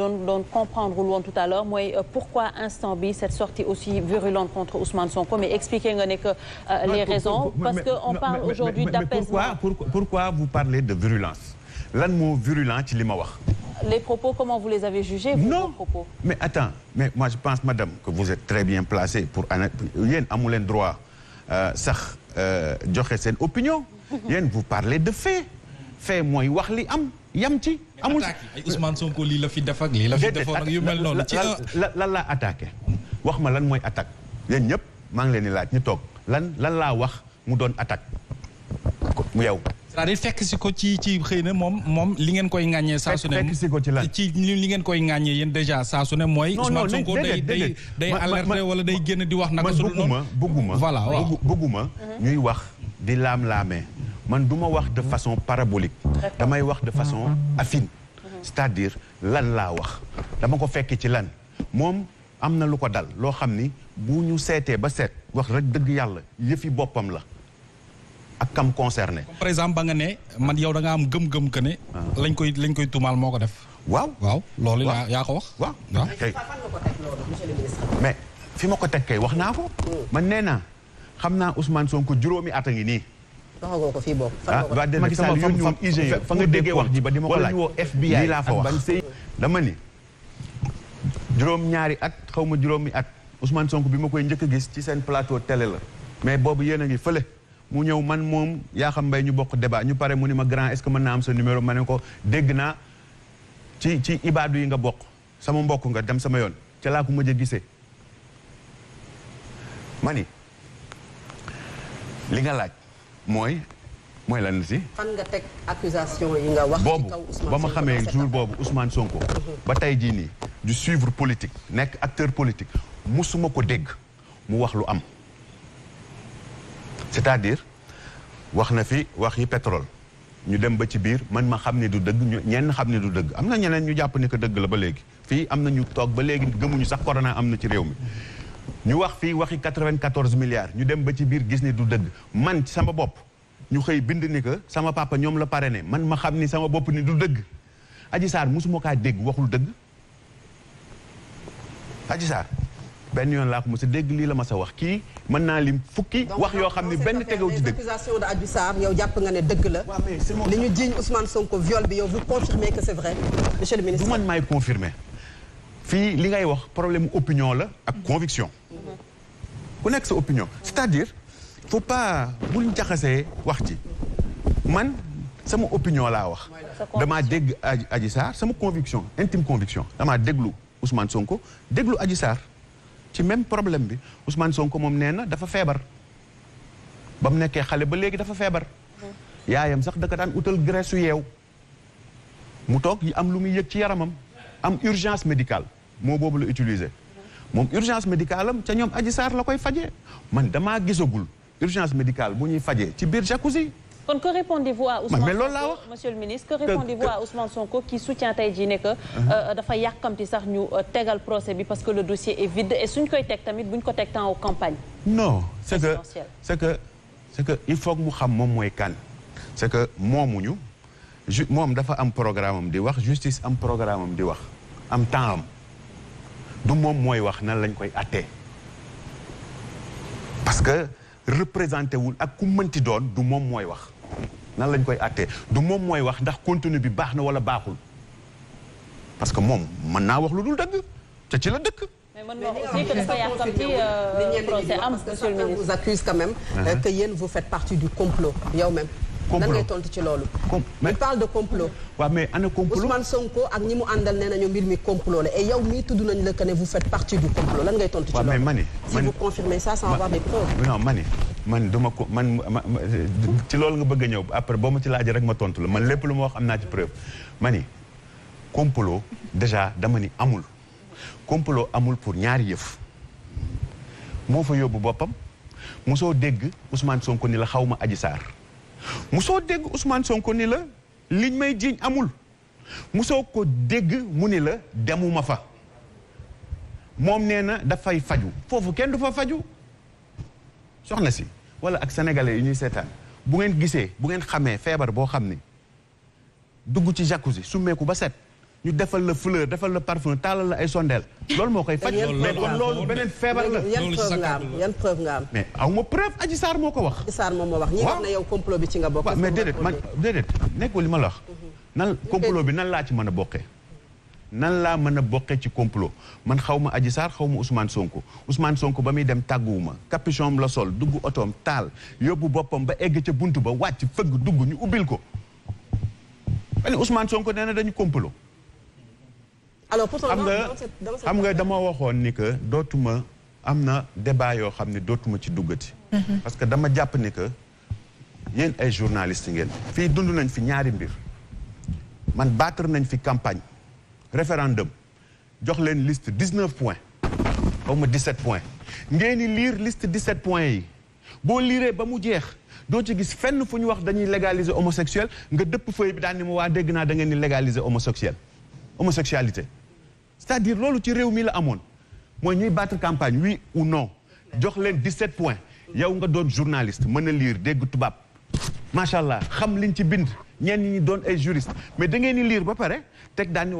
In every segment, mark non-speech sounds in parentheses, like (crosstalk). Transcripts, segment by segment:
doon doon comprendre wul woon tout à l'heure mooy euh, pourquoi instant bi cette sortie aussi virulente contre Ousmane Sonko mais expliquez nga ne que euh, les raisons parce que on parle aujourd'hui d'apaisement pourquoi pourquoi vous parlez de virulence lan moo virulent ci li ma wax les propos comment vous les avez jugés vous non propos mais attends mais moi je pense madame que vous êtes très bien placée pour ana yéen amu leen droit euh, sax joxe seen opinion (laughs) yéen vous parlez de fait fait mooy wax li am yam ci amul ay Ousmane Sonko lii la fi def ak lii la fi defoon ak yu mel noonu. ci lan laa attaqué wax ma lan mooy attaque yéen ñëpp maa ngi leen di laaj ñu toog lan lan laa wax mu doon attaque mu yow. c'est-à-dire fekk si ko ci ci xëy na moom moom li ngeen koy ŋàññee saa su ne fekk ko ci lan ci li ngeen koy ŋàññee yéen déjà saa su ne mooy Ousmane Sonko day day day alerté wala day génn di wax naka su dul noonu man bëgguma bëgguma voilà waaw bëgguma mhm. ñuy wax di laam-laamee man du ma wax de mhm. façon parabolique damay wax de façon mhm. affine mhm. cest diir lan laa wax dama ko fekk ci lan moom am na lu ko dal loo xam ni bu ñu seetee ba seet wax rek dëgg yàlla yëfi boppam la ak kam concerné. par exemple ba nga ne man yow danga am gëm-gëm que ne. Ah. lañ koy lañ koy tuumaal moo ko def. waaw waaw loolu. waaw yaa ko wax. waaw kay mais fi ma ko teg kay wax naa ko. Mm. man nee naa xam naa Ousmane Sonko juróomi at a ngi nii. waxagoo ko fii boobu. fan nga ko Macky Sall yónni woon IGE fa nga déggee wax ji ba di ma ko laaj wala ñu woo FBI ak ban sëy dama ni juróom-ñaari at xaw ma juróomi at Ousmane Sonko bi ma koy njëkk a gis ci seen plateau télé la mais boobu yéen a ngi fële. mu ñëw man moom yaa xam mbay ñu bokk débat ñu pare mu ni ma grand est-ce que mën naa am sa numéro ma ne ko dégg naa ci ci ibaadu yi nga bokk sama mbokk nga dem sama yoon ca laa ko mujj a gisee ma ni li nga laaj mooy mooy lan si. fan nga boobu ba ma xamee jour boobu Ousmane Sonko. Mhm. ba tey jii nii du suivre politique nekk acteur politique mosuma ko dégg mu wax lu am. c'est-à-dire wax na fi wax yi pétrole ñu dem ba ci biir man ma xam ne du dëgg ñu ñenn xam ne du dëgg am na ñeneen ñu jàpp ne que dëgg la ba léegi fii am na ñu toog ba léegi gëmuñu sax korona am na ci réew mi. ñu wax fii waxi 94 milliards ñu dem ba ci biir gis ni du dëgg man sama bopp ñu xëy bind ni que sama papa ñoom la pare ne man ma xam ni sama bopp ni du dëgg Adji Sarr mosuma kaa dégg waxul dëgg Adji benn yoon laa ko mos a dégg lii la ma sa wax kii mën naa lim fukki wax yoo xam ne benn tegaw ci dëgg donc accusation de jàpp nga ne dëgg la li ñu jiiñ Ousmane Sonko viol bi yow vous confirmez que c'est vrai monsieur le ministre du man maay confirmer fii li ngay wax problème opinion la ak conviction ku nekk sa opinion c'est-à-dire faut pas bul jaxasee wax ji man sama opinion laa wax damaa dégg Adji Sarr sama conviction intime conviction damaa déglu Ousmane Sonko déglu aji Sarr ci même problème bi Ousmane Sonko moom nee na dafa feebar ba mu nekkee xale ba léegi dafa feebar mm-hmm. yaayam sax da ko daan utal graisse su yeew mu toog yi am lu muy yëg ci yaramam am urgence médicale moo boobu la utiliser moom urgence médicale am ca ñoom Adji Sarr la koy fajee man dama gisagul urgence médicale bu ñuy fajee ci biir jacuzzi. kon que répondez-vous à loolu laa wax monsieur le ministre que répondez-vous à Ousmane Sonko qui ne que uh-huh. euh, euh, dafa yàkkamti sax ñu euh, tegal procès bi parce que le dossier est vide et suñ koy teg tamit buñ ko teg temps aux campagnes. non c'est que c'est que il faut que mu xam moom mooy kan. c'est que moom moomuñu ñu moom dafa am programme am di wax justice am programme am di wax am temps du moom mooy wax nan lañ koy atte parce que représenté wul ak ku mënti doon du moom mooy wax nan lañ koy atte du moom mooy wax ndax contenu bi baax na wala baaxul parce que moom mën naa wax lu dul dëgg te ci la dëkk mais mën nga aussi que dafa yàqamti euh, procès am monsieur le ministre vous accuse quand même uh-huh. que vous faites partie du complot yow même complot lan ngay tontu ci loolu. com mais il parle de complot. waaw mais ana complot Ousmane Sonko ak ñi mu àndal nee nañu mbir mi complot la et yow mii tudd nañ la que ne vous faites partie ngay tontu. ci loolu waaw mais mani. si vous confirmez ça sans avoir des preuves. non man duma ko man ci loolu nga bëgg a ñëw après boo ma ci laajee rek ma tontu la man lépp lu ma wax am naa ci preuve mani complot déjà dama ni amul. complot amul pour ñaari yëf moo fa yóbbu boppam mosoo dégg Ousmane Sonko ni la xaw ma Adji Sarr musoo dégg son ko ni la liñ may jiiñ amul musoo ko dégg mu ni la demuma fa moom nee na dafay faju foofu kenn du fa faju soxna si wala ak sénégalais yu ñuy seetaan bu ngeen gisee bu ngeen xamee feebar boo xam ni dugg ci si summeeku ba set ñu defal la fleur defal la parfum taalal la ay sondeel loolu moo koy faj mais kon loolu beneen feebar la yan preuve nga am yan preuve nga am mais aw ma preuve Adji Sarr moo ko wax Adji Sarr bi ci nga bokk mais déedéet man déedéet nekkoo li ma la wax mhm. nan complot bi nan laa ci mën a bokkee nan laa mën a bokkee ci complot man xaw ma Adji Sarr xaw ma Ousmane Sonko usmaan Sonko ba muy dem tàgguwuma capuchon la sol dugg otoom taal yóbbu boppam ba egg ca bunt ba wàcc fëgg dugg ñu ubbil ko Ousmane Sonko nee na dañu complot alors pourtant xam nga xam nga dama waxoon ni que dootuma am na débat yoo xam ne dootuma ci duggati. Mhm. parce que dama jàpp ni que yéen ay journalistes ngeen. fii dund nañ fi ñaari mbir man battre nañ fi campagne référendum jox leen liste 19 points xaw ma 17 point ngeen di liir lire liste 17 points yi boo liiree ba mu jeex. doo ci gis fenn fu ñu wax dañuy légaliser homosexuel nga dëpp feuille bi daan ni mu waa dégg naa da ngeen ni légaliser homosexuel homosexualité cest à loolu ci réew mi la amoon mooy ñuy battre campagne oui ou non jox leen 17 points yow nga doon journaliste mën a lire dégg tubaab macha allah xam liñ ci bind. ñenn ñi doon ay juriste mais da ngeen ni lire ba pare teg daan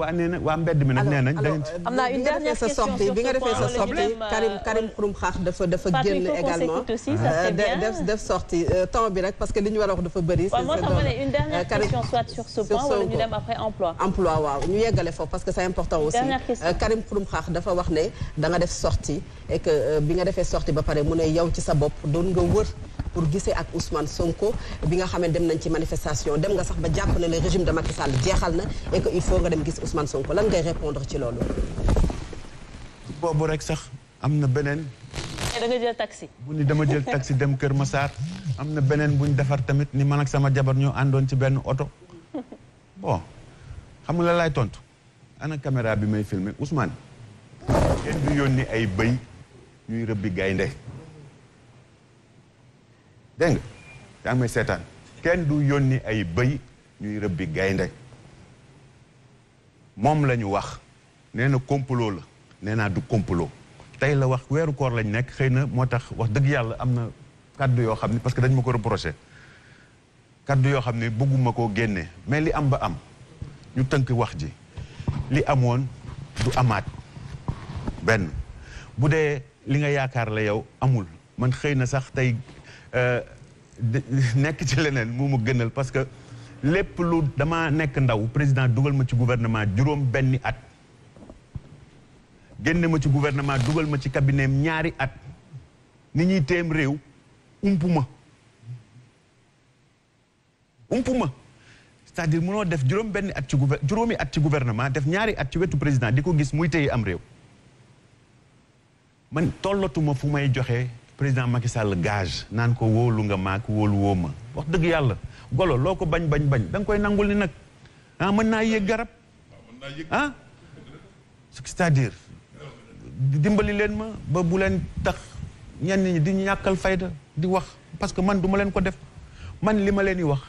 waa mbedd mi nag nee nañ dañ am naa sa sortie bi nga defee sa sortie Karim Karim Xurum Xaax dafa dafa génn également euh, def def sortie euh, temps bi rek parce que li ñu war a wax dafa bëri moi ça une dernière euh, question soit sur ce point emploi waaw ñu yeggale foofu parce que c'est important aussi Karim Xurum Xaax dafa wax ne da def sorti et que bi nga defee sortie ba pare mu ne yow ci sa bopp doon nga wër pour gisee ak Ousmane Sonko bi nga xam dem nañ ci manifestation dem nga sax ba jàpp na ne régime de Macky Sall jeexal na et que il faut nga dem gis Ousmane Sonko lan ngay répondre ci loolu. boobu rek sax am na beneen. bu ni dama jël taxi dem Kër Massar am na beneen bu defar tamit ni man ak sama jabar ñoo àndoon ci benn oto bo xam nga la tontu ana caméra bi may filmer Ousmane. kenn du yónni ay bëy ñuy rëbbi gaynde dégg nga yaa may seetaan. kenn du yónni ay bëy ñuy rëbbi gaynde moom la ñu wax nee na complot la nee naa du complot tey la wax weeru koor lañ nekk xëy na moo tax wax dëgg yàlla am na kàddu yoo xam ne parce que dañ ma ko reproché kàddu yoo xam ne bëgguma koo génne mais li am ba am ñu tënk wax ji li amoon du amaat benn bu dee li nga yaakaar la yow amul man xëy na sax tey euh, (laughs) nekk ci leneen mu mu gënal parce que lépp lu dama nekk ndaw président dugal ma ci gouvernement juróom benni at génne ma ci gouvernement dugal ma ci cabinet ñaari at ni ñi téem réew ump ma umpu ma c'est-à-dire mënoo def juróom benni at ci gouver juróomi at ci gouvernement def ñaari at ci wetu président di ko gis muy téye am réew man tollatuma fu may joxe président Macky Sall gage naan ko wóolu nga maak wóolu woo ma wax dëgg yàlla golo loo ko bañ bañ bañ danga koy nangul ni nag ah mën naa yéeg garab ah cest dimbali leen ma ba bu leen tax ñenn ñi di ñàkkal fayda di wax parce que man duma leen ko def man li ma leen di wax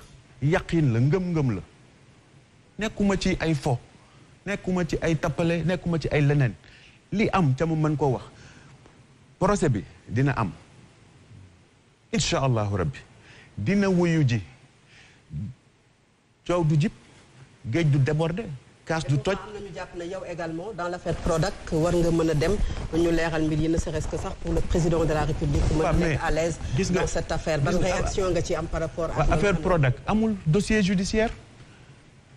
yàqin la ngëm-ngëm la nekkuma ci ay fo nekkuma ci ay tappale nekkuma ci ay leneen li am ca ma mën koo wax procès bi dina am incha allahu rabbi dina wuyu ji coow du jib géej du déborder kaas du toj am nañu jàpp ne yow également dans l'affaire Prodac war nga mën a dem ñu leexal mbir yi na serait-ce que sax pour le président de la république mën nekk à l'aise gis nga dans cette affaire ban réaction nga ci am par rapport ak affaire Prodac amul dossier judiciaire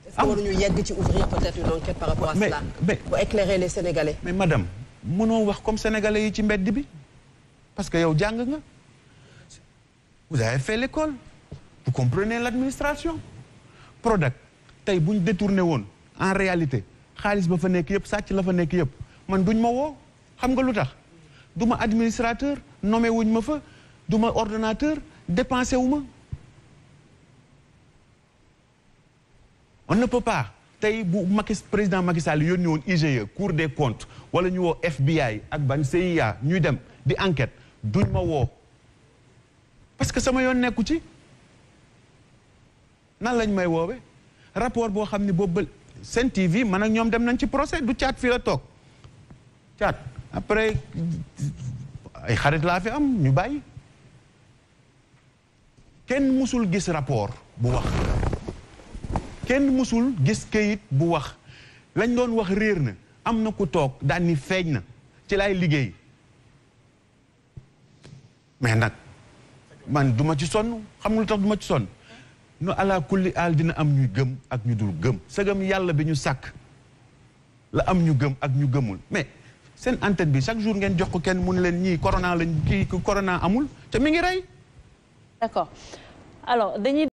est-ce que waruñu yegg ci ouvrir peut-être une enquête par rapport à cela pour éclairer les sénégalais mais madame mënoo wax comme sénégalais yi ci mbedd bi parce que yow jàng nga vous avez fait l'école vous comprenez l'administration Prodac tey buñ ñu détourné woon en réalité xaalis ba fa nekk yëpp sàcc la fa nekk yëpp man duñ ma woo xam nga lu tax du ma administrateur nommé wuñ ma fa du ma ordonnateur dépensé wu ma on ne peut pas tey bu Macky président Macky Sall yónni woon IGE Cour des comptes wala ñu woo FBI ak ban CIA ñuy dem di enquête duñ ma woo parce que sama yoon nekku ci nan lañ may woowe rapport boo xam ne boobu ba seen TV man ak ñoom dem nañ ci procès du caat fii la toog caat après ay xarit laa fi am ñu bàyyi kenn musul gis rapport bu wax kenn mosul gis kayit bu wax lañ doon wax réer na am na ku toog daan ni feeñ na ci laay liggéey mais nag man du ma ci sonn xam nga lu tax ma ci sonn nu ala kulli aal dina am ñu gëm ak ñu dul gëm sëgam yàlla bi ñu sàkk la am ñu gëm ak ñu gëmul mais seen antenne bi chaque jour ngeen jox ko kenn mun leen ñii corona lañ kii corona amul te mi ngi rey. d'accord alors dañuy.